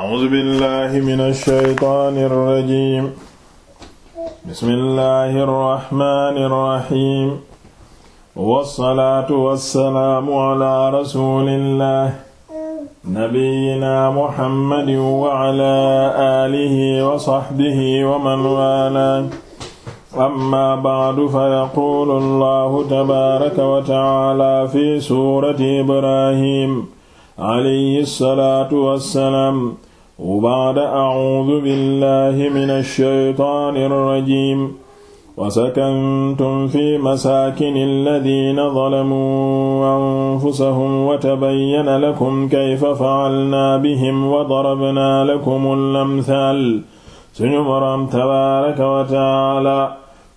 a'uuzu billahi mina shaytaani rajiim bismillahi rahmaani rahiim wassalaatu wassalaamu ala rasuulillah nabiyyina muhammadin wa ala aalihi wa sahbihi wa man waalaah amma ba'du fa yaquulu allahu tabaaraka wa ta'aala fi suurati ibrahim alayhi salaatu wassalaam wa ba'da a'uudu billahi mina shaytaani rajiim wa sakantum fi masaakini alladiina zalamuu anfusahum wa tabayyana lakum kayfa fa'alnaa bihim wa darabnaa lakumul amthaal suñu boroom tabaaraka wa ta'aala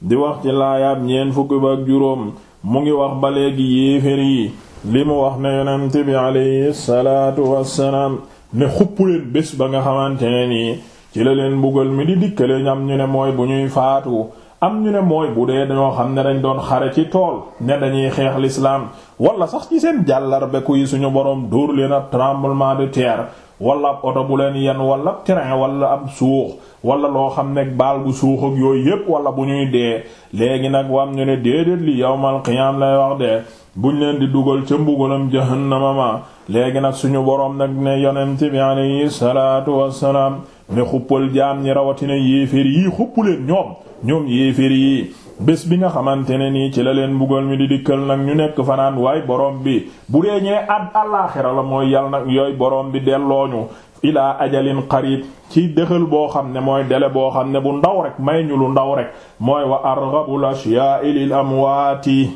di wax ci laayaab ñeent fukki ba ak juróom mu ngi wax ba léegi yéefér yi li mu wax ne yonent bi alayhi salaatu wassalaam ne xupp leen bés ba nga xamante ne nii ci la leen mbugal mi di dikkale ñam ñu ne mooy bu ñuy faatu am ñu ne mooy bu dee dañoo xam ne dañ doon xare ci tool ne dañuy xeex lislaam wala sax ci seen jàllarbeku yi suñu boroom dóor leen ab tremblement de terre wala ab oto bu leen yen wala ab train wala ab suux wala loo xam ne baal bu suux ak yooyu yépp wala bu ñuy dee léegi nag wam ñu ne déedéet li yawmal qiyaam lay wax dee buñ leen di dugal ca mbugalam jahannama ma léegi nag suñu boroom nag ne yonent bi alayhi salaatu wassalaam ne xuppal jaam ñi rawatina yéeféer yi xuppaleen ñoom ñoom yéeféer yi bés bi nga xamante ne nii ci la leen mbugal mi di dikkal nag ñu nekk fanaan waay borom bi bu dee ñee ad àllaaxira la mooy yal nag yooyu borom bi dellooñu ilaa ajalin qarib ci dëxal boo xam ne mooy dele boo xam ne bu ndaw rek may ñu lu ndaw rek mooy wa arghabul ashyaa lil amwaati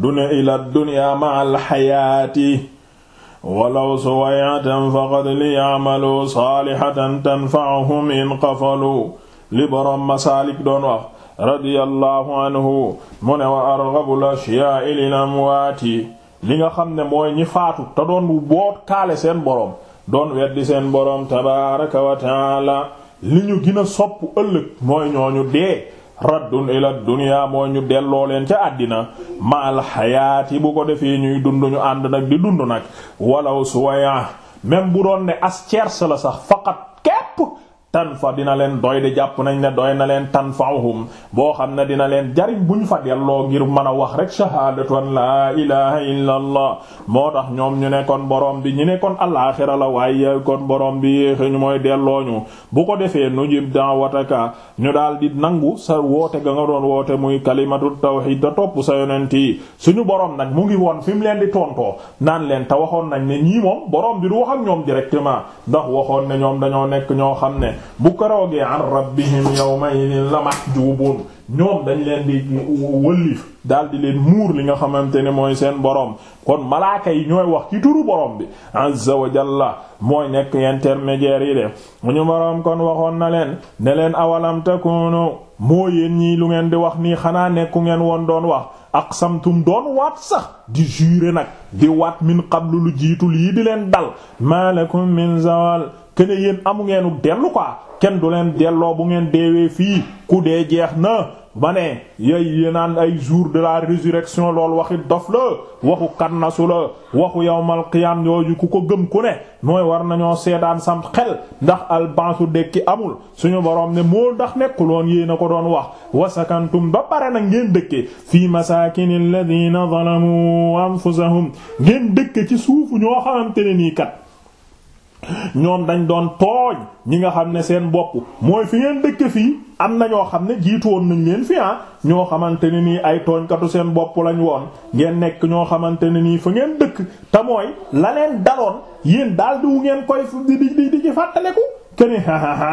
duna ila dunya ma al xayaati walaw suwayatan faqad liya'malu saalihatan tanfa'uhum in qafalu li borom masaalik doon wax radiyallahu anhu mu ne wa arghabul ashyaa'i lil amwaati li nga xam ne mooy ñi faatu te doon boot kaale seen boroom doon weddi seen boroom tabaaraka wa li ñu gën a soppu ëllëg mooy ñooñu dee raddun ila dunya mooy ñu delloo leen ca àddina maal xayaati bu ko defee ñuy dund ñu ànd nag di dund nag walaw suwaya même bu doon ne as cerse la sax faqat képp tan fa dina leen doy de jàpp nañ ne doy na leen tan fahum boo xam ne dina leen jariñ bu ñu fa delloo ngir mën a wax rek shahaadatu an laa ilaha illa allah moo tax ñoom ñu ne kon borom bi ñu ne kon alaaxira la waaye kon borom bi yéexe ñu mooy delloo ñu bu ko defee nu jib da'wataka ñu daal di nangu sa woote ga nga doon woote muy kalimatu tawhid da topp sa yonent yi suñu borom nag mu ngi woon fi mu leen di tontoo naan leen te waxoon nañ ne ñii moom borom wax ak ñoom directement ndax waxoon ne ñoom dañoo nekk ñoo xam ne bu karoogee an rabbihim ma idin la mahjubuun ñoom dañ leen di wëllif daal di leen muur li nga xamante ne mooy seen boroom kon malaaka yi ñooy wax ci turu borom bi azza wa jalla mooy nekk intermédiaire yi de mu ñu borom kon waxoon na leen ne leen awalam takunu moo yéen ñii lu ngeen di wax nii xanaa nekku ngeen woon doon wax ak samtum doon waat sax di juré nag di waat min qablu lu jiitu lii di leen dal malakum min zawal kene yéen amu ngeenu dellu quoi kenn du leen delloo bu ngeen deewee fii ku dee jeex na ma ne yooyu yéenaan ay jour de la résurrection loolu waxi dof la waxu kannasu la waxu yow qiyam yooyu ku ko gëm ku ne mooy war nañoo seedaan sam xel ndax albansu dekki amul suñu borom ne moo ndax nekkuloon yéen a ko doon wax wasakantum ba pare na ngeen dëkke fii masaakinil ladina zalamu anfusahum ngeen dëkke ci suufu ñoo xamante ne nii kat ñoom dañ doon tooñ ñi nga xam ne seen bopp mooy fi ngeen dëkk fii am na ñoo xam ne jiitu woon nañ leen fi ah ñoo xamante ne nii ay tooñkatu seen bopp lañ woon ngeen nekk ñoo xamante ne nii fa ngeen dëkk te mooy la leen daloon yéen daal di wu ngeen koy di di di ci fàttaleku keni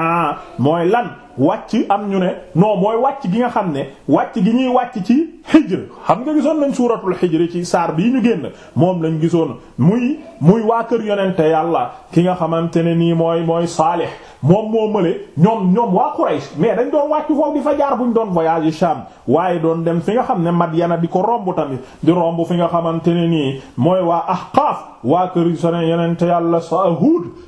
mooy lan wàcc am ñu ne non mooy wàcc gi nga xam ne wàcc gi ñuy wàcc ci xijr xam nga gisoon nañ suuratul xijr ci saar bii ñu génn moom lañ gisoon muy muy waa kër yonente yàlla ki nga xamante ne nii mooy mooy saalih moom moo mële ñoom ñoom waa Quraysh mais dañ doon wàcc buñ doon voyage Sham waaye doon dem fi nga xam ne Madyana di ko romb tamit di fi nga xamante ne nii mooy waa Ahqaaf waa kër sone yonente yàlla sa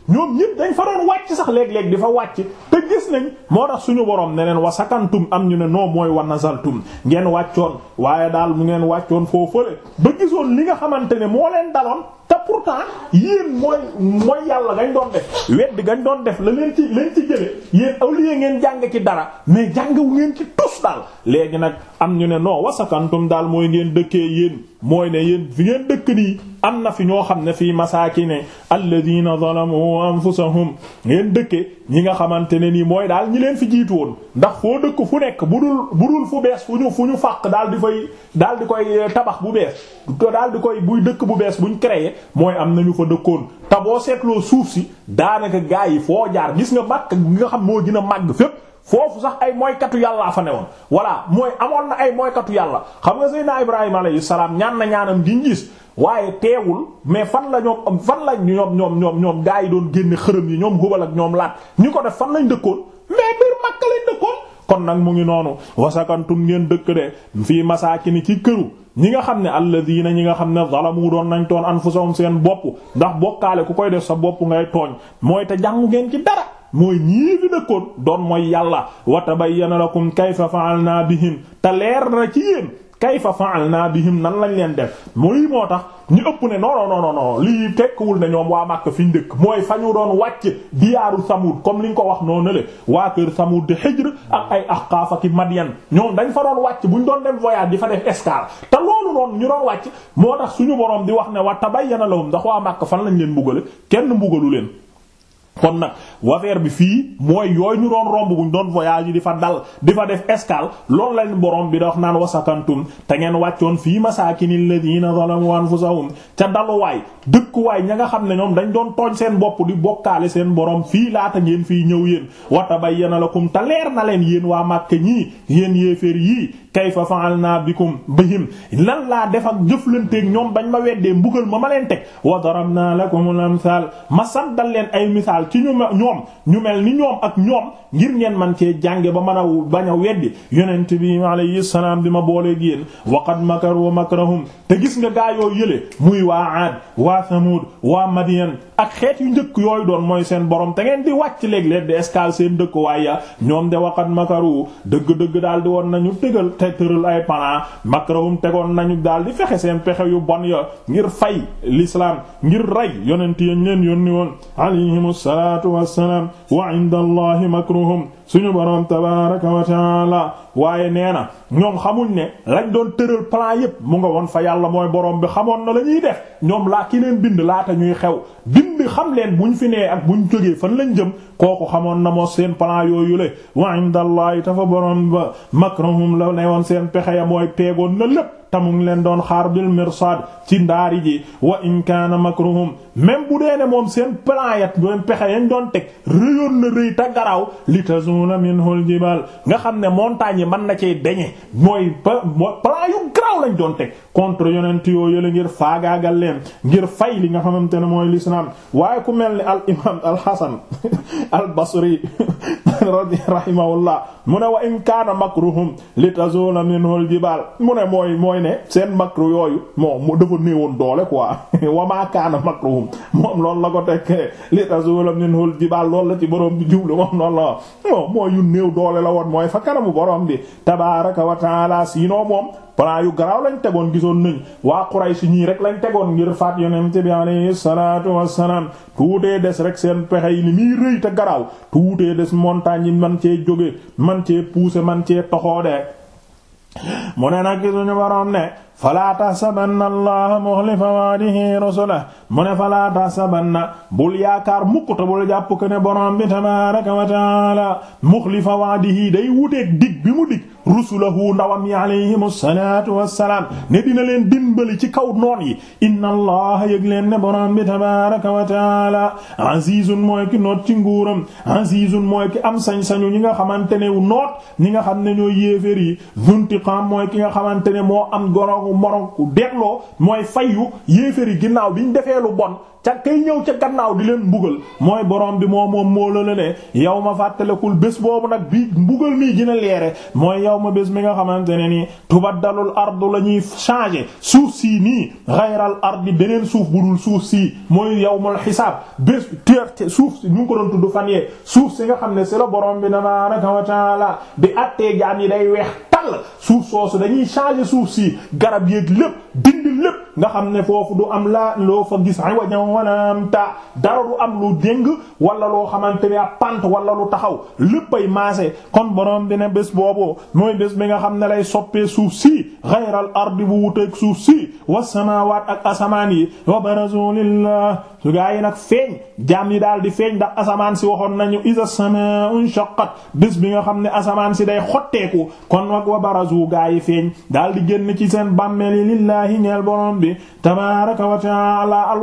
ñoom ñëpp dañ fa doon wàcc sax léeg-léeg di fa wàcc te gis nañ tax suñu borom ne leen wa sakantum am ñu ne noo mooy wa nazaltum ngeen wàccoon waaye daal mu ngeen wàccoon foofale ba gisoon li nga xamante ne moo leen daloon te pourtant yéen mooy mooy yàlla gañ doon def weddi gañ doon def la leen ci leen ci jële yéen au lieu ngeen jàng ci dara mais jàngawu ngeen ci tus daal léegi nag am ñu ne noo wa sakantum daal mooy ngeen dëkkee yéen mooy ne yéen fi ngeen dëkk nii am na fi ñoo xam ne fii masaakine alladina zalamu anfusahum ngeen dëkke ñi nga xamante ne nii mooy daal ñi leen fi jiitu woon ndax foo dëkk fu nekk bu dul bu fu bees fu ñu fu ñu fàq daal di fay daal di koy eh, tabax bu bees daal di koy buy dëkk bu bees buñ créé mooy am na nañu fa dëkkoon te boo seetloo suuf si daanaka gaa yi foo jaar gis nga màkk gi nga xam moo dina a màgg fépp foofu sax ay mooykatu yàllaa fa newoon voilà mooy amoon na ay mooykatu yàlla xam nga naa Ibrahima alayhi salaam ñaan na ñaanam gi gis waaye teewul mais fan la ñoom fan la ñoom ñoom ñoom ñoom gaa yi doon génne xërëm yi ñoom Hubal ak ñoom Laat ñu ko def fan lañ dëkkoon mais biir Makka lañ dëkkoon kon nag mu ngi noonu wasakantum ngeen dëkk de fii masaakini ci këru ñi nga xam ne alladina ñi nga xam ne zalamu doon nañ toon anfusahum seen bopp ndax bokkaale ku sa bopp ngay mooy ñii fi nekkoon doon mooy yàlla wa tabayyana lakum kayfa fa'alna bihim te leer na ci yéen kayfa fa'alna bihim nan lañ leen def mooy moo tax ñu ëpp ne non non non non lii tekkiwul ne ñoom waa Makka fi dëkk mooy fa ñu doon wàcc diyaaru Samud comme li ñu ko wax noonu le waa kër Samud di Hijr ak ay Ahqaaf ak Madyan ñoom dañ fa doon wàcc bu ñu doon dem voyage di fa def escale te loolu noonu ñu doon wàcc moo tax suñu borom di wax ne wa tabayyana lahum ndax waa Makka fan lañ leen mbuggale kenn mbugalu leen. kon nag waver bi fii mooy yooyu ñu doon romb buñ doon voyage yi di fa dal di fa def escale loolu lañ borom bi da wax naan wasakantum te ngeen wàccoon fii masaakinil ladina zalamu anfusahum ca daluwaay dëkkuwaay ña nga xam ne ñoom dañ doon tooñ seen bopp di bokkaale seen borom fii laata ngeen fii ñëw yéen watabayyana lakum te leer na leen yéen waa Màkka ñii yéen yéeféer yii kayfa fa'alna bikum bihim lan laa def ak jëflanteeg ñoom bañ ma weddee mbugal ma ma leen teg wa darabna lakumul amsal ma santal leen ay misaal ci ñu ñoom ñu mel ni ñoom ak ñoom ngir ngeen man cee jànge ba mën a bañ a weddi yonent bi alayhi salaam bi ma boolee gi yéen wa qad makaru makrahum te gis nga gaa yoo yële muy waa Aad waa Samud waa Madiyan ak xeet yu njëkk yooyu doon mooy seen borom te ngeen di wàcc léeg-léeg di escale seen dëkk waaye ñoom de waqat makaru dëgg-dëgg daal di woon nañu dëggal teg tëral ay plan makrahum tegoon nañu daal di fexe seen pexe yu bon ya ngir fay l'islam ngir rey yonent yañ leen yónni woon alayhimu salaatu wassalaam wa inda allahi makruhum suñu boroom tabaaraka wa ta'aala waaye nee na ñoom xamuñ ne lañ doon tëral plan yépp mu nga woon fa yàlla mooy borom bi xamoon na la ñuy def ñoom laa ki leen bind laata ñuy xew bind xam leen bu ñu fi nee ak bu ñu jógee fan lañ jëm kooku xamoon na moo seen plan yooyu le wa indallahi tafa borom ba makruhum la ne woon seen pexe ya mooy teegoon na lépp tamu ngi leen doon xaar bil mirsad ci ndaari ji wa in kaana makruhum même bu dee ne moom seen plan yat doon pexe yañ doon teg réyoon na rëy ta garaaw li tazuna minhul jibal nga xam ne montagne yi mën na cee deñe mooy plan yu garaaw lañ doon teg contre yonent yoo yële ngir faagaagal leen ngir fay li nga xamante ne mooy l'islam waaye ku mel ni al imam al hasan al basri radi rahimahullah mu ne wa in kaana makruhum li tazula minhu al jibal mu ne mooy mooy ne seen makru yooyu moo mu néewoon doole quoi wa ma kaana makruhum moom loolu la ko tekkee li tazula minhu al jibal loolu la ci borom bi jublu moom loolu la o mooy yu néew doole la woon mooy fa kanamu borom bi tabaraka wa taala siinoo moom plan yu garaaw lañ tegoon gisoon nañ waa Quraysh ñii rek lañ tegoon ngir faat yonent bi alayhi salaatu wassalaam tuutee des rek seen pexe yi ni muy rëy te garaaw tuutee montagne yi man cee jóge man cee pousser man cee toxoo de mu ne nag suñu boroom ne falaa tahsabanna allaha mukhlifa wa'dihi rasulahu mu ne falaa tahsabanna bul yaakaar mukk bul jàpp ko ne boroom bi tabaaraka wa ta'aala mukhlifa wa'dihi day wuteek dig bi mu dig rusulahu ndawam yi alayhim asalatu wassalaam ne dina leen dimbali ci kaw noon yi inna allaha yëg leen ne borom bi tabaraka wa taala azizun mooy ki noot ci nguuram azizun mooy ki am sañsañu sañu nga xamante ne noot ñi nga xam ne ñooy yéefér yi zuntiqam mooy ki nga xamante ne moo am gorogu morogu degloo mooy fayyu yéefér yi ginnaaw biñ defee lu bon ca kay ñëw ca kannaaw di leen mbugal mooy borom bi moo moom moo la ne yow ma fàttalekul bés boobu nag bi mbugal mii gën a leere mooy yow ma bés mi nga xamante ne nii tubaddalul ardu la ñuy changer suuf sii nii ghayral ardi beneen suuf bu dul suuf sii mooy yawmul xisaab bés teer suuf si ñu ko doon tudd fan yee suuf si nga xam ne si la borom bi tabaaraka wa la bi attee jaam yi day weex tal suuf soosu dañuy changer suuf si garab yéeg lépp dindi lépp nga xam ne foofu du am laa loo fa gis wala am ta dara du am lu déng wala loo xamante ne ab pant wala lu taxaw léppay maase kon borom bi ne bés boobu mooy bés bi nga xam ne lay soppee suuf si xayral ardi bu wuteeg suuf si wa samaawaat ak asamaan yi wa barazu lillah su yi nag feeñ jaam yi daal di feeñ ndax asamaan si waxoon nañu isa samaa'u inshaqqat bés bi nga xam ne asamaan si day xotteeku kon nag wa barazu gaa yi feeñ daal di génn ci seen bàmmeel yi lillahi ñeel borom bi tabaaraka wa ta'aala al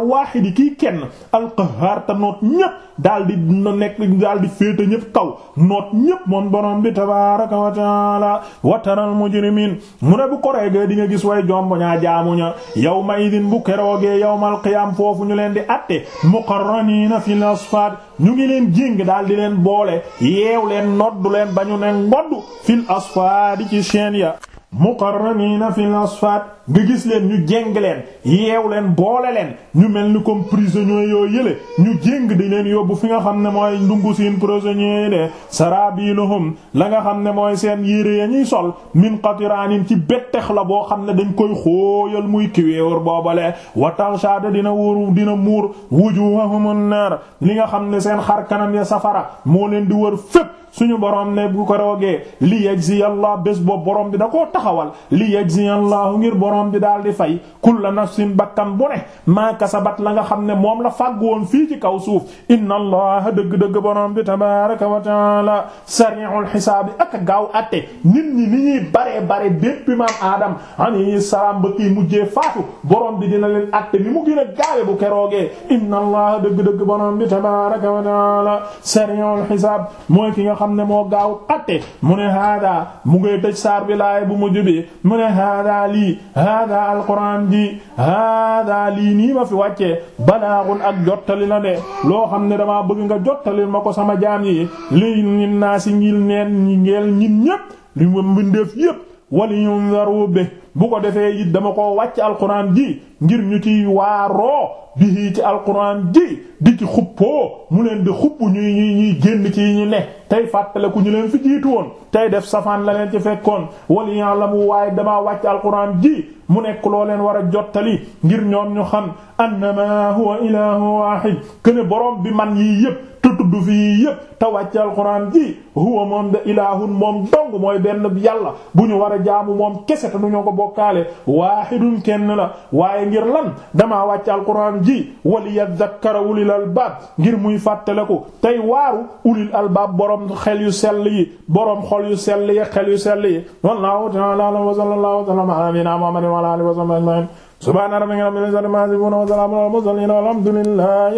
kii kenn alqahaar te noot ñépp daal di na nekk daal di féete ñépp kaw noot ñépp moom borom bi tabaaraka wa taala wa taral mujrimiin mu ne bu koreegee di nga gis way jomb ñaa jaamu ña yawma idin bu keroogee yawmal qiyaam foofu ñu leen di atte muqarraniina fil asfaad ñu ngi leen jéng daal di leen boole yeew leen noddu leen ba ñu ne ngoddu fil asfaadi ci seen ya muqarraniina fil asfaat nga gis leen ñu jéng leen yeew leen boole leen ñu mel ni comme prisonniers yoo yële ñu jéng di leen yóbbu fi nga xam ne mooy ndungu seen prisonniers yi de saraabiluhum la nga xam ne mooy seen yére ya ñuy sol min qatiraanin ci bettex la boo xam ne dañ koy xóoyal muy kiweewar boobale wa tarshaada dina wóoru dina muur wujuuhahumun naar li nga xam ne seen xar kanam ya safara moo leen di wër fépp suñu borom ne bu ko roogee li yajzi Allah bés boobu borom bi da ko taxawal li yajziya Allahu ngir borom bi daal di fay kulla nafsin bakkan bu ne maa kasabat la nga xam ne moom la fàgg woon fii ci kaw suuf inna Allaha dëgg-dëgg borom bi tabaaraka wa taala sari'ul xisaabi ak gaaw atte nit ñi ni ñuy baree bare depuis maam Adam alayhi salaam ba kii mujjee faatu borom bi dina leen atte ni mu gën bu kerooge inna Allaha dëgg-dëgg borom bi tabaaraka wa taala sari'ul xisaab mooy ki nga xam ne moo gaaw atte mu ne hada mu ngay tëj saar bi laay bu mu mujj mu ne hada lii hada alquran ji hada lii nii ma fi wàccee balaaxun ak jottali la de loo xam ne damaa bëgg nga jottali ma ko sama jaam yi lii nit naa si ngil neen ñi ngeel ñin ñépp li ma mbindeef yépp wali yunzaru be bu ko defee it dama koo wàcc alquran ji ngir ñu ci waaroo bi ci alquran ji di ci xuppoo mu leen di xupp ñu ñuy ñuy génn ci ñu ne tey fàttale ku ñu leen fi jiitu woon tey def safaan la leen ci fekkoon wali ya'lamu waaye damaa wàcc alquran ji mu nekk loo leen war a jottali ngir ñoom ñu xam annama huwa ilahu wahid kene borom bi man yii yépp tudd fii yépp te wàcc alxuraan ji huwa moom de ilaahun moom dong mooy benn yàlla bu ñu war a jaamu moom kese te nu ñoo ko bokkaale waahidun kenn la waaye ngir lan damaa wàcc alxuraan ji waliyadhakkara ulil albaab ngir muy fàttaliku tey waaru ulil albaab borom xel yu sell yi borom xol yu sell yi xel yu sell yi wallahu ta'ala a'lam wa sallallahu sallam ala nabiyyina muhammadin wa ala alihi wa sahbihi ajma'in subhana rabbika rabbil izzati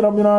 amma wa